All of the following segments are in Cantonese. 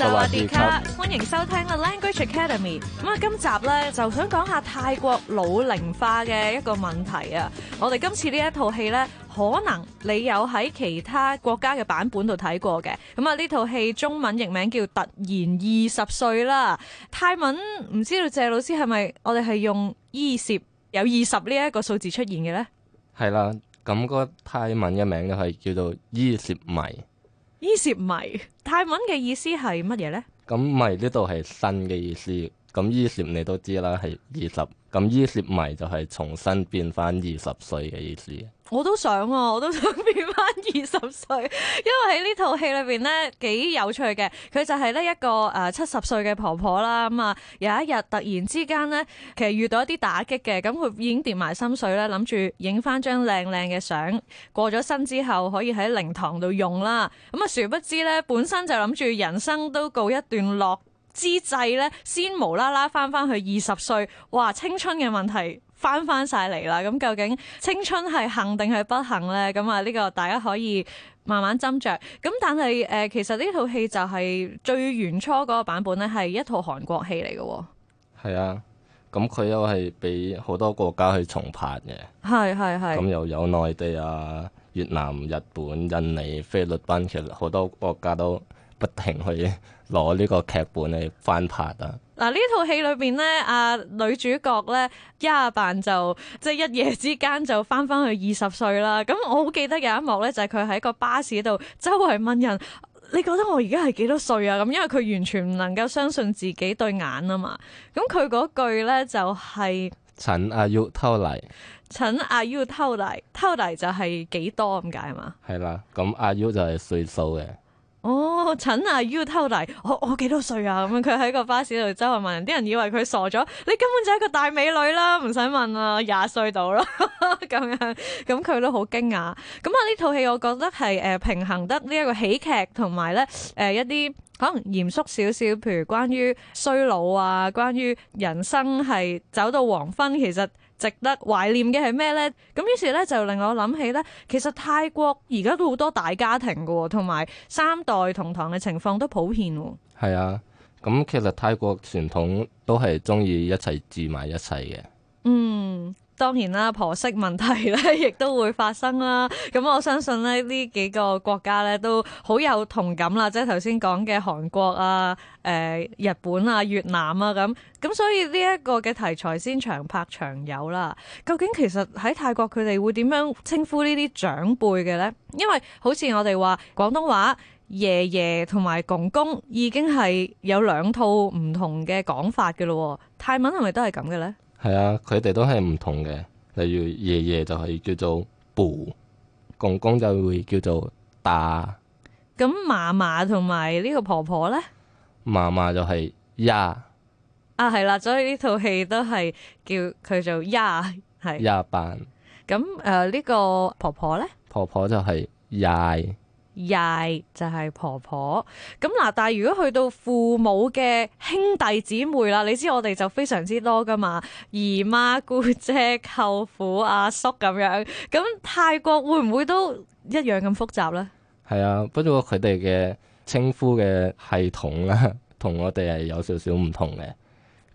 大家好，ika, 歡迎收聽《Language Academy》。咁啊，今集咧就想講下泰國老齡化嘅一個問題啊。我哋今次一戲，呢一套戲咧，可能你有喺其他國家嘅版本度睇過嘅。咁啊，呢套戲中文譯名叫《突然二十歲》啦。泰文唔知道謝老師係咪我哋係用伊什有二十呢一個數字出現嘅咧？係啦，咁個泰文嘅名咧係叫做伊什迷。伊什迷泰文嘅意思係乜嘢咧？咁迷呢度係新嘅意思，咁伊什你都知啦，係二十，咁伊什迷就係重新變翻二十歲嘅意思。我都想啊、哦，我都想變翻二十歲，因為喺呢套戲裏邊咧，幾有趣嘅。佢就係呢一個誒七十歲嘅婆婆啦，咁啊，有一日突然之間咧，其實遇到一啲打擊嘅，咁佢已經疊埋心水咧，諗住影翻張靚靚嘅相，過咗身之後可以喺靈堂度用啦，咁啊，殊不知咧，本身就諗住人生都告一段落之際咧，先無啦啦翻翻去二十歲，哇，青春嘅問題！翻翻晒嚟啦，咁究竟青春係幸定係不幸呢？咁啊，呢個大家可以慢慢斟酌。咁但係誒、呃，其實呢套戲就係最原初嗰個版本咧，係一套韓國戲嚟嘅、哦。係啊，咁佢又係俾好多國家去重拍嘅。係係係。咁又有內地啊、越南、日本、印尼、菲律賓，其實好多國家都不停去攞 呢個劇本去翻拍啊。嗱呢套戲裏邊咧，阿、啊、女主角咧一下扮就即一夜之間就翻翻去二十歲啦。咁、嗯、我好記得有一幕咧，就係佢喺個巴士度周圍問人，你覺得我而家係幾多歲啊？咁、嗯、因為佢完全唔能夠相信自己對眼啊嘛。咁佢嗰句咧就係、是：陳阿 U 偷嚟，陳阿 U 偷嚟，偷嚟、啊啊啊啊、就係幾多咁解嘛？係啦，咁阿 U 就係歲數嘅。哦，陳阿你要偷嚟？我我幾多歲啊？咁樣佢喺個巴士度周圍問人，啲人以為佢傻咗。你根本就係一個大美女啦，唔使問歲啦，廿歲到啦咁樣。咁佢都好驚訝。咁啊，呢套戲我覺得係誒、呃、平衡得呢一個喜劇同埋咧誒一啲可能嚴肅少少，譬如關於衰老啊，關於人生係走到黃昏，其實。值得懷念嘅係咩呢？咁於是咧就令我諗起咧，其實泰國而家都好多大家庭㗎喎，同埋三代同堂嘅情況都普遍喎。係啊，咁其實泰國傳統都係中意一齊住埋一齊嘅。嗯。當然啦，婆媳問題咧，亦都會發生啦。咁我相信咧，呢幾個國家咧都好有同感啦，即係頭先講嘅韓國啊、誒、呃、日本啊、越南啊咁。咁所以呢一個嘅題材先長拍長有啦。究竟其實喺泰國佢哋會點樣稱呼呢啲長輩嘅呢？因為好似我哋話廣東話爺爺同埋公公已經係有兩套唔同嘅講法嘅咯。泰文係咪都係咁嘅呢？係啊，佢哋都係唔同嘅，例如爺爺就係叫做「部」，公公就會叫做「打」。咁嫲嫲同埋呢個婆婆咧，嫲嫲就係、是、呀，啊係啦，所以呢套戲都係叫佢做呀，係呀扮班。咁誒呢個婆婆咧，婆婆就係、是、耶。呀「曳」yeah，就係婆婆咁嗱，但係如果去到父母嘅兄弟姊妹啦，你知我哋就非常之多噶嘛，姨媽、姑姐、舅父、阿叔咁樣，咁泰國會唔會都一樣咁複雜呢？係啊，不過佢哋嘅稱呼嘅系統咧，我點點同我哋係有少少唔同嘅。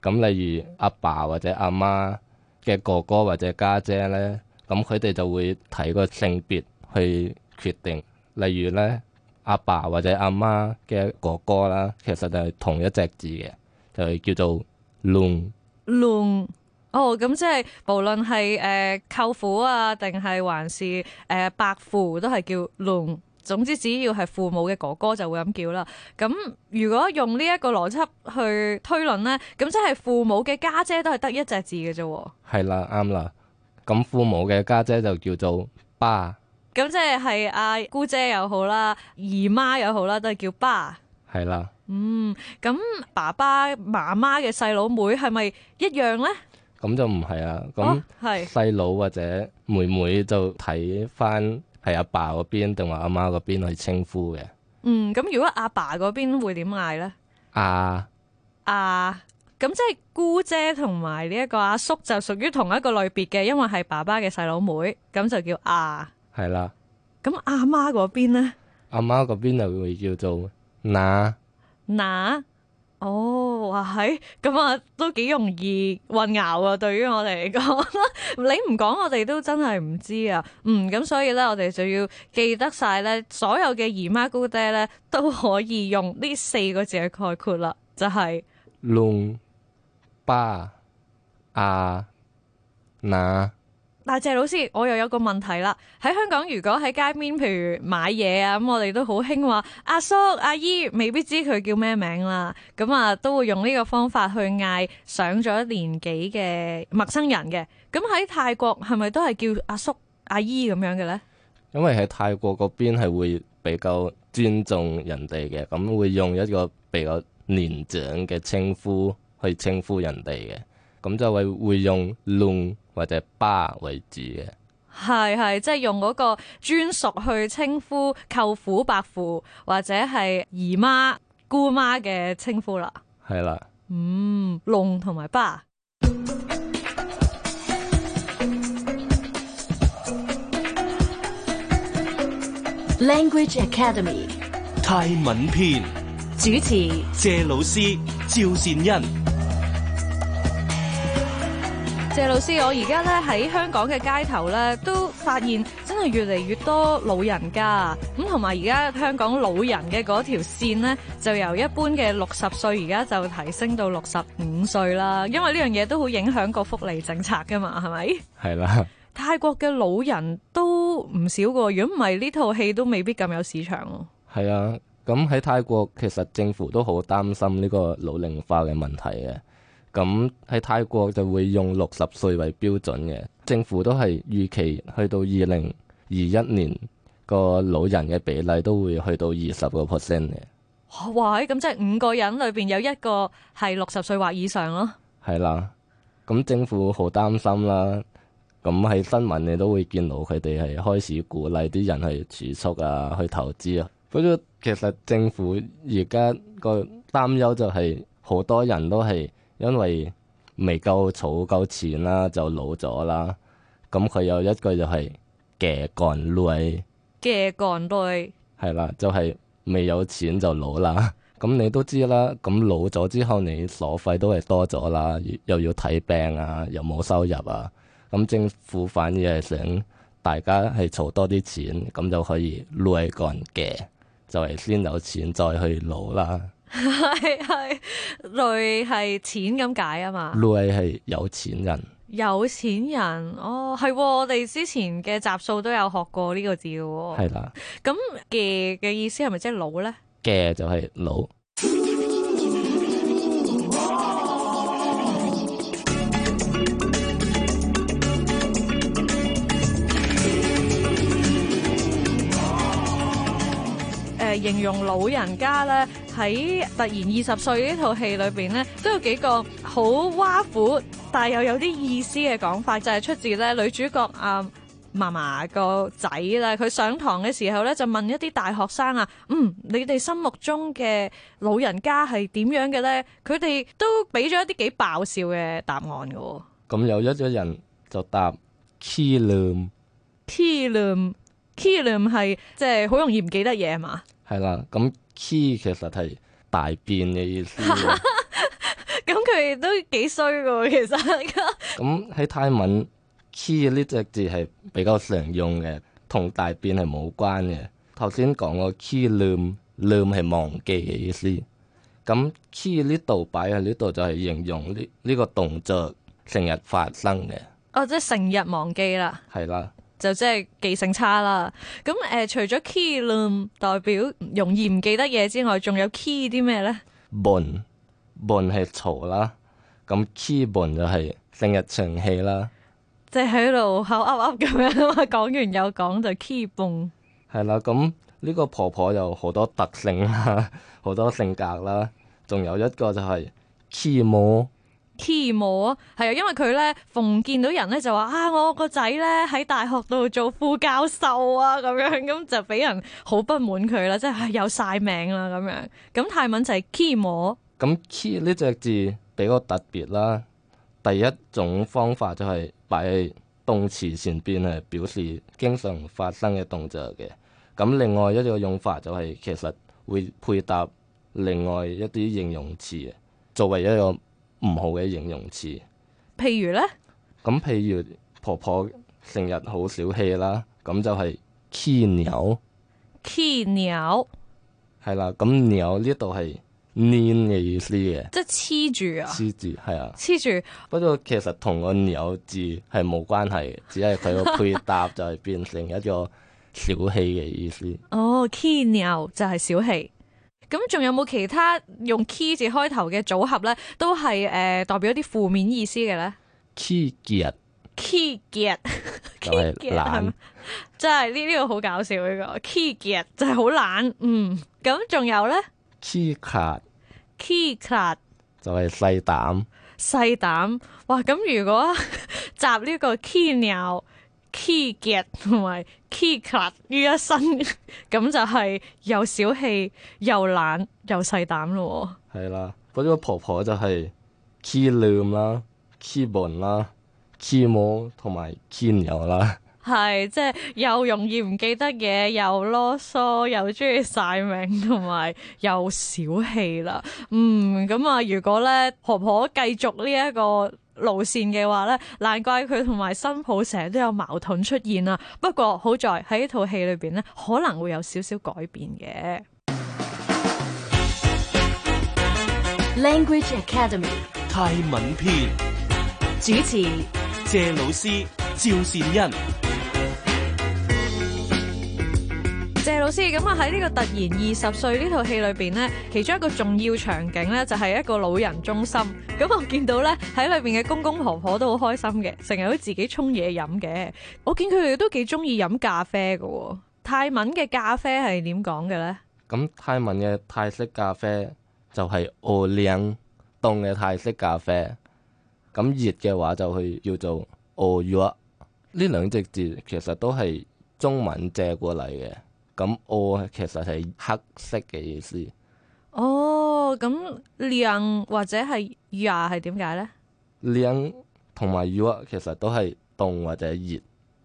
咁例如阿爸，爸或者阿媽嘅哥哥或者家姐，姐呢，咁佢哋就會睇個性別去決定。例如咧，阿爸，爸或者阿媽嘅哥哥啦，其實就係同一隻字嘅，就係、是、叫做龍。龍哦，咁即係無論係誒、呃、舅父啊，定係還是誒、呃、伯父，都係叫龍。總之只要係父母嘅哥哥就會咁叫啦。咁如果用呢一個邏輯去推論咧，咁即係父母嘅家姐，姐都係得一隻字嘅啫。係啦，啱啦。咁父母嘅家姐，姐就叫做爸。咁即係阿姑姐又好，媽好啦，姨媽又好啦，都係叫爸？係啦。嗯，咁爸爸媽媽嘅細佬妹係咪一樣呢？咁就唔係啊。咁係細佬或者妹妹就睇翻係阿爸嗰邊定話阿媽嗰邊去稱呼嘅。嗯，咁如果阿爸嗰邊會點嗌呢？阿阿，咁即係姑姐同埋呢一個阿叔，叔就屬於同一個類別嘅，因為係爸爸嘅細佬妹，咁就叫阿、啊。係啦，咁阿媽嗰邊咧？阿媽嗰邊就會叫做嗱」？「嗱、oh, right? 啊」？哦，哇係，咁啊都幾容易混淆啊！對於我哋嚟講， 你唔講我哋都真係唔知啊。嗯，咁所以咧，我哋就要記得晒咧，所有嘅姨媽姑爹咧都可以用呢四個字去概括啦，就係龍爸阿乸。但謝老師，我又有一個問題啦。喺香港，如果喺街邊譬如買嘢啊，咁我哋都好興話阿叔阿姨，未必知佢叫咩名啦。咁啊，都會用呢個方法去嗌上咗年紀嘅陌生人嘅。咁喺泰國係咪都係叫阿叔阿姨咁樣嘅呢？因為喺泰國嗰邊係會比較尊重人哋嘅，咁會用一個比較年長嘅稱呼去稱呼人哋嘅。咁就為會用龍或者巴為主嘅，係係即係用嗰個專屬去稱呼舅父、伯父或者係姨媽、姑媽嘅稱呼啦。係啦，嗯，龍同埋巴 Language Academy。泰文篇主持：謝老師、趙善恩。謝老師，我而家咧喺香港嘅街頭咧，都發現真係越嚟越多老人家，咁同埋而家香港老人嘅嗰條線咧，就由一般嘅六十歲而家就提升到六十五歲啦。因為呢樣嘢都好影響個福利政策噶嘛，係咪？係啦、啊。泰國嘅老人都唔少個，如果唔係呢套戲都未必咁有市場。係啊，咁喺泰國其實政府都好擔心呢個老齡化嘅問題嘅。咁喺泰國就會用六十歲為標準嘅，政府都係預期去到二零二一年個，老人嘅比例都會去到二十個 percent 嘅哇！咁即係五個人裏邊有一個係六十歲或以上咯，係啦。咁政府好擔心啦。咁喺新聞你都會見到佢哋係開始鼓勵啲人去儲蓄啊，去投資啊。不過其實政府而家個擔憂就係好多人都係。因為未夠儲夠錢啦，就老咗啦。咁佢有一句，就是，個就係嘅干累，嘅干累，係啦，就係，是，未有錢就老啦。咁、 嗯、你都知啦。咁老咗之後，你所費都係多咗啦，又要睇病啊，又冇收入啊。咁、嗯、政府反而係想大家係儲多啲錢，錢，咁就可以累干嘅，就係，是，先有錢再去老啦。係係，累係 錢咁解啊嘛，累係有錢人，有錢人哦，係我哋之前嘅集數都有學過呢個字嘅，係啦的，咁嘅嘅意思係咪即係老咧？嘅就係老。形容老人家咧，喺突然二十歲呢套戲裏邊咧都有幾個好挖苦，但係又有啲意思嘅講法，就係出自咧女主角阿嫲嫲個仔啦。佢上堂嘅時候咧就問一啲大學生啊，嗯，你哋心目中嘅老人家係點樣嘅咧？佢哋都俾咗一啲幾爆笑嘅答案噶。咁有一個人就答 Kilim，Kilim，Kilim 係即係好容易唔記得嘢係嘛？係啦，咁 key 其實係大便嘅意思。咁佢都幾衰噶，其實。咁喺 泰文 key 呢隻字係比較常用嘅，同大便係冇關嘅。頭先講個 key loom，loom 係忘記嘅意思。咁 key 呢度擺喺呢度就係形容呢呢、呢個動作成日發生嘅。哦，即係成日忘記啦。係啦。就即係記性差啦。咁誒、呃，除咗 key 咯，代表容易唔記得嘢之外，仲有 key 啲咩咧？bone，bone 係嘈啦。咁 key bone 就係成日喘氣啦。即係喺度口噏噏咁樣啊！講完又講就 key bone。係啦，咁呢個婆婆有好多特性啦，好多性格啦，仲有一個就係 key 冇。key 我啊，係啊，因為佢咧逢見到人咧就話啊，我個仔咧喺大學度做副教授啊，咁樣咁就俾人好不滿佢啦，即係有晒命啦咁樣。咁泰文就係 key 我，咁 key 呢隻字比較特別啦。第一種方法就係擺喺動詞前邊，係表示經常發生嘅動作嘅。咁另外一個用法就係其實會配搭另外一啲形容詞，作為一個。唔好嘅形容詞，譬如咧，咁譬、嗯、如婆婆成日好小氣啦，咁就係「key 鳥」。「key 鳥」，係啦，咁「鳥」呢度係黏嘅意思嘅，即係黐住啊，黐住，係啊，黐住。不過其實同個「鳥」字係冇關係，只係佢個配搭 就係變成一個小氣嘅意思。哦，「key 鳥」就係、是、小氣。咁仲有冇其他用 key 字開頭嘅組合咧？都係誒、呃、代表一啲負面意思嘅咧。key get，key get，就係懶，即係呢呢個好搞笑呢、這個。key get 就係好懶，嗯。咁仲有咧？key card，key card 就係細膽，細膽。哇！咁如果集呢個 key 鳥？Keyget 同埋 k e y c l 黐腳於一身咁就係又小氣又懶又細膽咯。係啦，嗰個婆婆就係黐脷啦、k 黐本啦、k 黐毛同埋 k e 黐油啦。係，即係又容易唔記得嘢，又囉嗦，又中意晒命，同埋又小氣啦。嗯，咁啊，如果咧婆婆繼續呢、這、一個，路線嘅話咧，難怪佢同埋新抱成日都有矛盾出現啦。不過好在喺呢套戲裏邊咧，可能會有少少改變嘅。Language Academy 泰文篇，主持謝老師趙善恩。謝老師咁啊，喺呢個突然二十歲呢套戲裏邊呢，其中一個重要場景呢就係一個老人中心。咁我見到呢喺裏邊嘅公公婆婆都好開心嘅，成日都自己沖嘢飲嘅。我見佢哋都幾中意飲咖啡嘅。泰文嘅咖啡係點講嘅呢？咁泰文嘅泰式咖啡就係 oliang 凍嘅泰式咖啡，咁熱嘅話就去叫做 oyua。呢兩隻字其實都係中文借過嚟嘅。咁，哦，其實係黑色嘅意思。哦，咁涼或者係熱係點解呢？涼同埋熱，其實都係凍或者熱。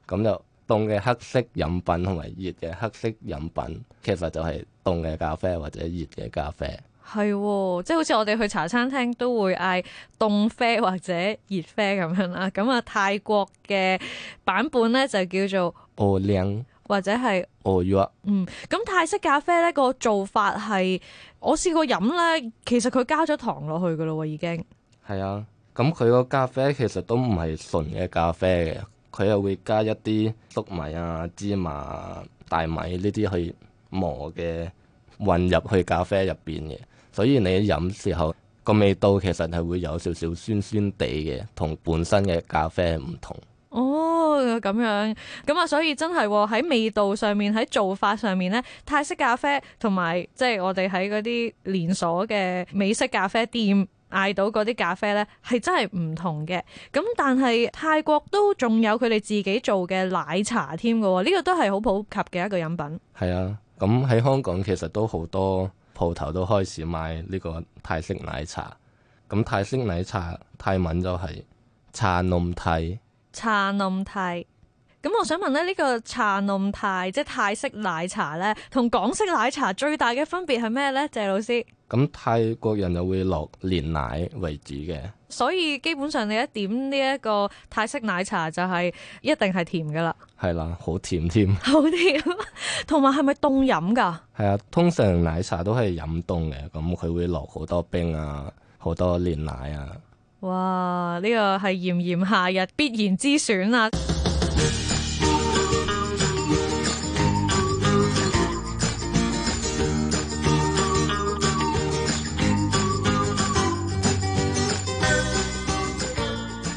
咁就凍嘅黑色飲品同埋熱嘅黑色飲品，其實就係凍嘅咖啡或者熱嘅咖啡。係，哦，即係好似我哋去茶餐廳都會嗌凍啡或者熱啡咁樣啦。咁啊，泰國嘅版本咧就叫做哦涼。或者係，哦，要啊。嗯，咁泰式咖啡咧個做法係，我試過飲咧，其實佢加咗糖落去噶咯喎，已經。係啊，咁佢個咖啡其實都唔係純嘅咖啡嘅，佢又會加一啲粟米啊、芝麻、啊、大米呢啲去磨嘅混入去咖啡入邊嘅，所以你飲時候個味道其實係會有少少酸酸地嘅，同本身嘅咖啡唔同。哦，咁樣咁啊，嗯，所以真係喺味道上面，喺做法上面呢，泰式咖啡同埋即係我哋喺嗰啲連鎖嘅美式咖啡店嗌到嗰啲咖啡呢，係真係唔同嘅。咁但係泰國都仲有佢哋自己做嘅奶茶添噶，呢，這個都係好普及嘅一個飲品。係啊，咁喺香港其實都好多店鋪頭都開始賣呢個泰式奶茶。咁泰式奶茶泰文就係茶濃泰。茶濃泰，咁我想問咧，呢個茶濃泰即係泰式奶茶咧，同港式奶茶最大嘅分別係咩咧？謝老師，咁泰國人就會落煉奶為主嘅，所以基本上你一點呢一個泰式奶茶就係一定係甜噶啦，係啦，好甜添，好 甜， 同埋係咪凍飲噶？係啊，通常奶茶都係飲凍嘅，咁佢會落好多冰啊，好多煉奶啊。哇！呢個係炎炎夏日必然之選啦。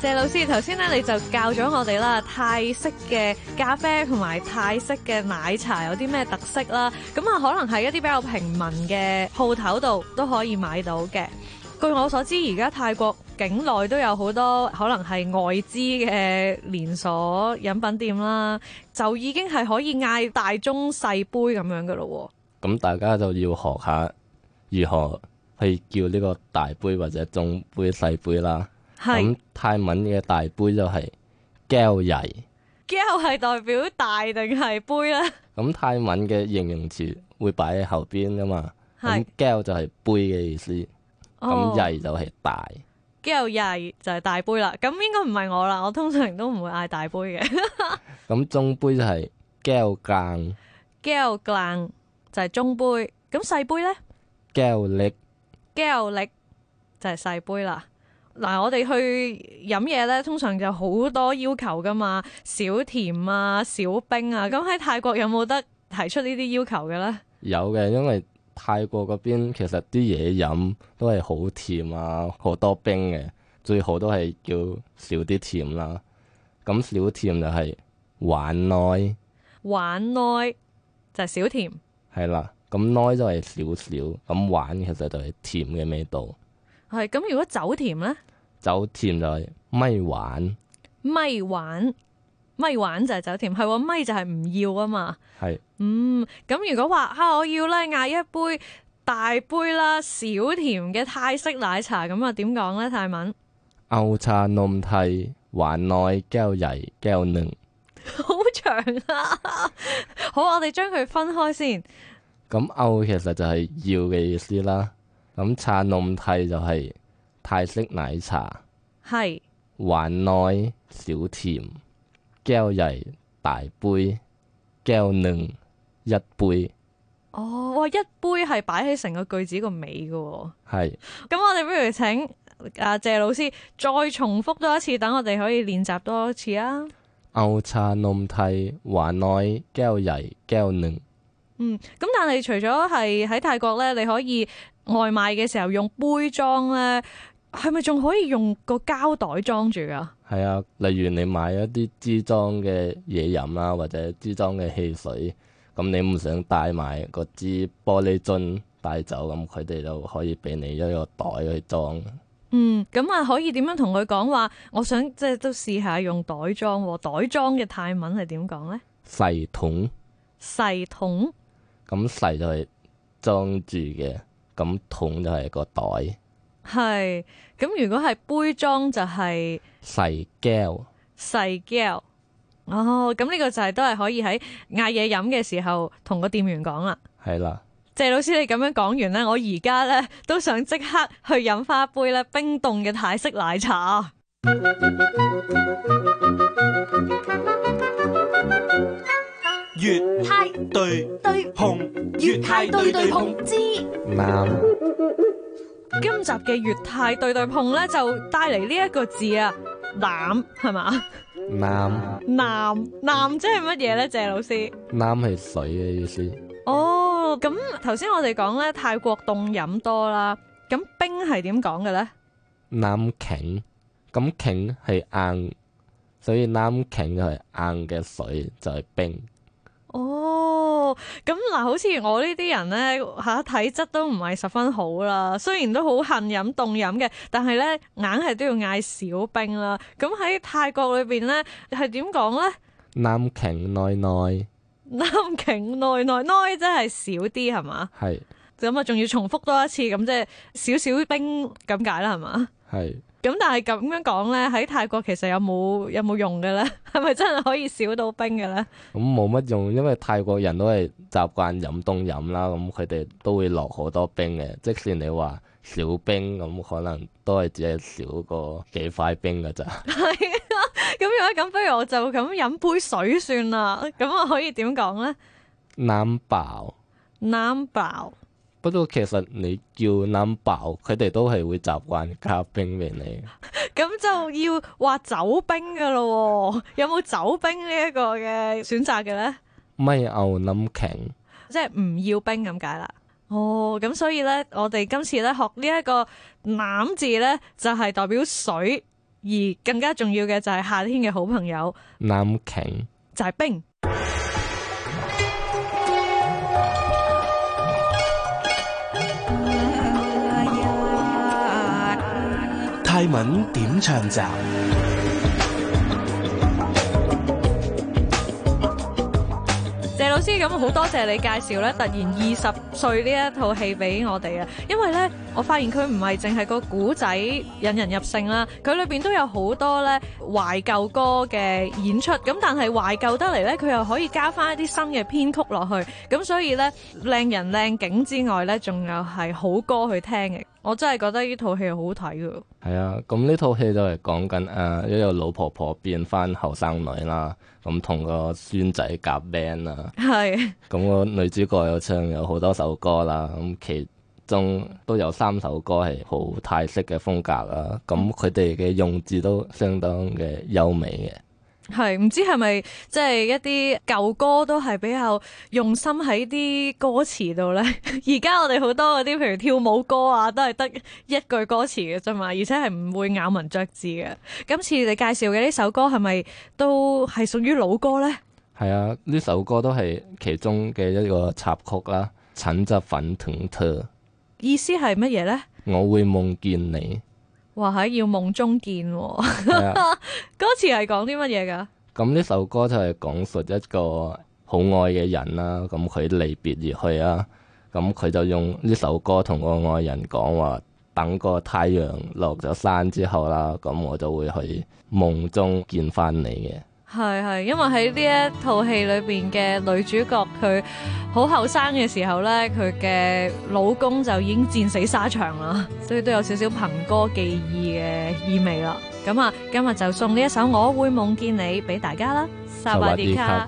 謝老師，頭先咧你就教咗我哋啦，泰式嘅咖啡同埋泰式嘅奶茶有啲咩特色啦。咁啊，可能係一啲比較平民嘅鋪頭度都可以買到嘅。據我所知，而家泰國境內都有好多可能係外資嘅連鎖飲品店啦，就已經係可以嗌大、中、細杯咁樣嘅咯。咁大家就要學下如何去叫呢個大杯或者中杯、細杯啦。咁是泰文嘅大杯就係 gel，gel 係代表大定係杯啦。咁泰文嘅形容詞會擺喺後邊啊嘛，咁 gel< 是>就係杯嘅意思。咁裔、哦、 就係大，gel 裔就係大杯啦。咁應該唔係我啦，我通常都唔會嗌大杯嘅。咁 中杯就係 gel gang gel gang，a 就係中杯。咁細杯咧 gel 力 gel 力，ik, ik, 就係細杯啦。嗱，我哋去飲嘢咧，通常就好多要求噶嘛，少甜啊，少冰啊。咁喺泰國有冇得提出呢啲要求嘅咧？有嘅，因為。泰國嗰邊其實啲嘢飲都係好甜啊，好多冰嘅，最好都係叫少啲甜啦。咁少甜就係玩耐，玩耐就係、是、少甜係啦。咁耐就係少少，咁玩其實就係甜嘅味道係。咁如果酒甜咧，酒甜就係咪玩咪玩。咪玩就係走甜係，喎咪、哦、就係唔要啊嘛。係是嗯咁，如果話吓、啊、我要咧嗌一杯大杯啦，少甜嘅泰式奶茶，咁啊點講咧？泰文歐茶濃泰還內膠饴膠嫩，驚驚 好長啊，好，我哋將佢分開先。咁歐其實就係要嘅意思啦。咁茶濃泰就係泰式奶茶係還內小甜。膠飴大杯，膠能一杯。哦，哇！一杯係擺喺成個句子個尾噶喔。係。咁我哋不如請阿謝老師再重複多一次，等我哋可以練習多一次啊。O cha nom tie wanai geli geln。嗯，咁但係除咗係喺泰國咧，你可以外賣嘅時候用杯裝咧，係咪仲可以用個膠袋裝住噶？係啊，例如你買一啲支裝嘅嘢飲呀，或者支裝嘅汽水，咁你唔想帶埋個支玻璃樽帶走，咁佢哋就可以俾你一個袋去裝。嗯，咁啊可以點樣同佢講話？我想即係都試下用袋裝，袋裝嘅泰文係點講咧？細桶，細桶，咁細就係裝住嘅，咁桶就係個袋。係咁，如果係杯裝就係細膠，細膠哦。咁呢個就係都係可以喺嗌嘢飲嘅時候同個店員講啦。係啦的，謝老師你咁樣講完咧，我而家咧都想即刻去飲返杯咧冰凍嘅泰式奶茶。越泰對對碰，越泰對對碰之難。今集嘅粵泰對對碰咧，就帶嚟呢一個字啊，腩係嘛？腩腩腩即係乜嘢咧？謝老師，腩係水嘅意思。哦，咁頭先我哋講咧泰國凍飲多啦，咁冰係點講嘅咧？腩瓊，咁瓊係硬，所以腩瓊就係硬嘅水，就係冰。咁嗱，好似我呢啲人咧，吓體質都唔係十分好啦。雖然都好恨飲凍飲嘅，但係咧硬係都要嗌少冰啦。咁喺泰國裏邊咧，係點講咧？南瓊內內，南瓊內內內，真係少啲係嘛？係，咁啊是，仲要重複多一次，咁即係少少冰咁解啦，係嘛？係，咁但係咁樣講咧，喺泰國其實有冇有冇用嘅咧？係 咪真係可以少到冰嘅咧？咁冇乜用，因為泰國人都係習慣飲凍飲啦，咁佢哋都會落好多冰嘅。即使你話少冰，咁可能都係只係少過幾塊冰㗎咋。係，咁如果咁不如我就咁飲杯水算啦。咁我可以點講咧？腩爆包，腩爆。不過其實你叫 number，佢哋都係會習慣加冰俾你。咁 就要話走冰噶咯，哦？ 有冇走冰呢一個嘅選擇嘅咧？咪牛 n 擎， 即係唔要冰咁解啦。哦，咁所以咧，我哋今次咧學、這個、南呢一個攡字咧，就係、是、代表水，而更加重要嘅就係夏天嘅好朋友 n u 就係冰。文點唱集？謝老師，咁好多謝你介紹咧，突然二十歲呢一套戲俾我哋啊！因為咧，我發現佢唔係淨係個古仔引人入勝啦，佢裏邊都有好多咧懷舊歌嘅演出。咁但係懷舊得嚟，咧，佢又可以加翻一啲新嘅編曲落去。咁所以咧，靚人靚景之外咧，仲有係好歌去聽嘅。我真係覺得呢套戲好好睇噶係啊，咁呢套戲就係講緊誒，一、啊、個老婆婆變翻後生女啦，咁同個孫仔夾 band 啦。係。咁 個女主角又唱有好多首歌啦，咁、啊、其中都有三首歌係好泰式嘅風格啦。咁佢哋嘅用字都相當嘅優美嘅。係，唔知係咪即係一啲舊歌都係比較用心喺啲歌詞度呢？而 家我哋好多嗰啲譬如跳舞歌啊，都係得一句歌詞嘅啫嘛，而且係唔會咬文嚼字嘅。今次你介紹嘅呢首歌係咪都係屬於老歌呢？係啊，呢首歌都係其中嘅一個插曲啦。枕着粉團特意思係乜嘢呢？「我會夢見你。話係要夢中見。哦，歌詞係講啲乜嘢噶？咁呢 首歌就係講述一個好愛嘅人啦，咁佢離別而去啊，咁佢就用呢首歌同個愛人講話，等個太陽落咗山之後啦，咁我就會去夢中見翻你嘅。係係，因為喺呢一套戲裏邊嘅女主角，佢好後生嘅時候咧，佢嘅老公就已經戰死沙場啦，所以都有少少憑歌寄意嘅意味啦。咁啊，今日就送呢一首《我會夢見你》俾大家啦，薩瓦迪卡。